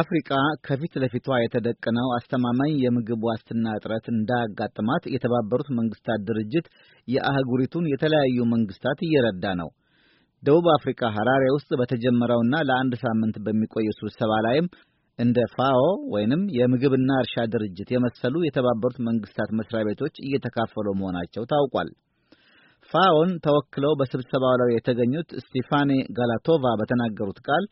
አፍሪቃ ከፊት ለፊቷ የተደቀነው አስተማማኝ የምግብ ዋስትና እጥረት እንዳያጋጥማት የተባበሩት መንግስታት ድርጅት የአህጉሪቱን የተለያዩ መንግስታት እየረዳ ነው። ደቡብ አፍሪካ ሐራሬ ውስጥ በተጀመረውና ለአንድ ሳምንት በሚቆየው ስብሰባ ላይም እንደ ፋኦ ወይንም የምግብና እርሻ ድርጅት የመሰሉ የተባበሩት መንግስታት መስሪያ ቤቶች እየተካፈሉ መሆናቸው ታውቋል። ፋኦን ተወክለው በስብሰባው ላይ የተገኙት ስቴፋኔ ጋላቶቫ በተናገሩት ቃል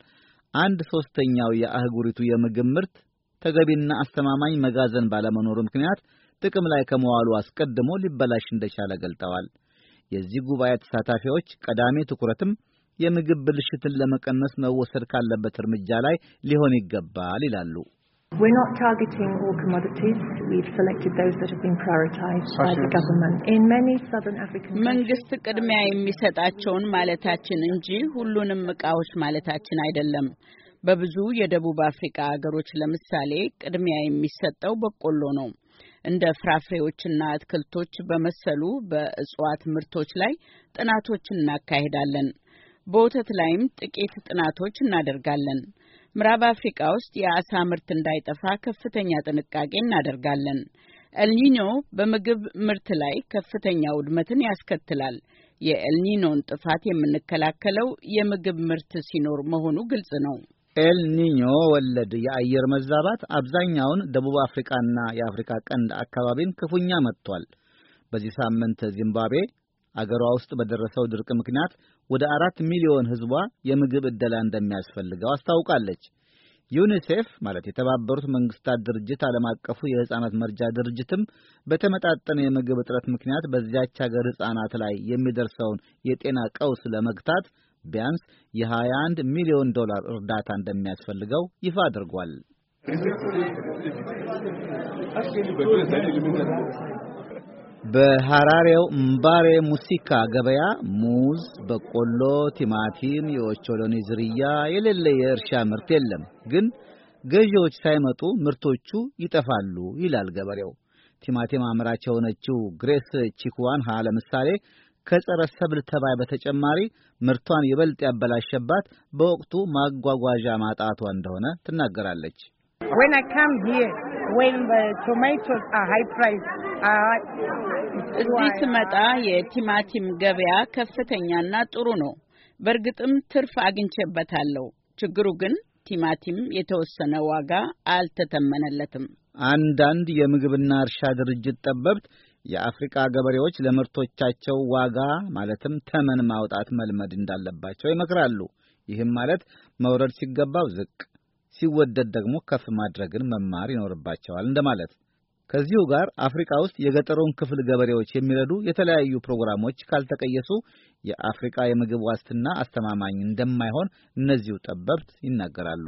አንድ ሶስተኛው የአህጉሪቱ የምግብ ምርት ተገቢና አስተማማኝ መጋዘን ባለመኖሩ ምክንያት ጥቅም ላይ ከመዋሉ አስቀድሞ ሊበላሽ እንደቻለ ገልጠዋል። የዚህ ጉባኤ ተሳታፊዎች ቀዳሚ ትኩረትም የምግብ ብልሽትን ለመቀነስ መወሰድ ካለበት እርምጃ ላይ ሊሆን ይገባል ይላሉ። We're not targeting all commodities. We've selected those that have been prioritized by the government. In many southern African መንግስት ቅድሚያ የሚሰጣቸውን ማለታችን እንጂ ሁሉንም እቃዎች ማለታችን አይደለም። በብዙ የደቡብ አፍሪካ ሀገሮች ለምሳሌ ቅድሚያ የሚሰጠው በቆሎ ነው። እንደ ፍራፍሬዎችና አትክልቶች በመሰሉ በእጽዋት ምርቶች ላይ ጥናቶች እናካሄዳለን። በወተት ላይም ጥቂት ጥናቶች እናደርጋለን። ምዕራብ አፍሪቃ ውስጥ የአሳ ምርት እንዳይጠፋ ከፍተኛ ጥንቃቄ እናደርጋለን። ኤልኒኞ በምግብ ምርት ላይ ከፍተኛ ውድመትን ያስከትላል። የኤልኒኞን ጥፋት የምንከላከለው የምግብ ምርት ሲኖር መሆኑ ግልጽ ነው። ኤልኒኞ ወለድ የአየር መዛባት አብዛኛውን ደቡብ አፍሪቃና የአፍሪካ ቀንድ አካባቢን ክፉኛ መጥቷል። በዚህ ሳምንት ዚምባብዌ አገሯ ውስጥ በደረሰው ድርቅ ምክንያት ወደ አራት ሚሊዮን ሕዝቧ የምግብ ዕደላ እንደሚያስፈልገው አስታውቃለች። ዩኒሴፍ ማለት የተባበሩት መንግስታት ድርጅት ዓለም አቀፉ የሕፃናት መርጃ ድርጅትም በተመጣጠነ የምግብ እጥረት ምክንያት በዚያች ሀገር ሕፃናት ላይ የሚደርሰውን የጤና ቀውስ ለመግታት ቢያንስ የ21 ሚሊዮን ዶላር እርዳታ እንደሚያስፈልገው ይፋ አድርጓል። በሐራሬው ምባሬ ሙሲካ ገበያ ሙዝ፣ በቆሎ፣ ቲማቲም፣ የኦቾሎኒ ዝርያ የሌለ የእርሻ ምርት የለም። ግን ገዢዎች ሳይመጡ ምርቶቹ ይጠፋሉ ይላል ገበሬው። ቲማቲም አምራች የሆነችው ግሬስ ቺክዋንሃ ለምሳሌ ከጸረ ሰብል ተባይ በተጨማሪ ምርቷን ይበልጥ ያበላሸባት በወቅቱ ማጓጓዣ ማጣቷ እንደሆነ ትናገራለች። When I come here, when the tomatoes are high price, እዚህ ስመጣ የቲማቲም ገበያ ከፍተኛና ጥሩ ነው። በእርግጥም ትርፍ አግኝቼበታለሁ። ችግሩ ግን ቲማቲም የተወሰነ ዋጋ አልተተመነለትም። አንዳንድ የምግብና እርሻ ድርጅት ጠበብት የአፍሪቃ ገበሬዎች ለምርቶቻቸው ዋጋ ማለትም ተመን ማውጣት መልመድ እንዳለባቸው ይመክራሉ። ይህም ማለት መውረድ ሲገባው ዝቅ ሲወደድ ደግሞ ከፍ ማድረግን መማር ይኖርባቸዋል እንደማለት። ከዚሁ ጋር አፍሪካ ውስጥ የገጠሩን ክፍል ገበሬዎች የሚረዱ የተለያዩ ፕሮግራሞች ካልተቀየሱ የአፍሪካ የምግብ ዋስትና አስተማማኝ እንደማይሆን እነዚሁ ጠበብት ይናገራሉ።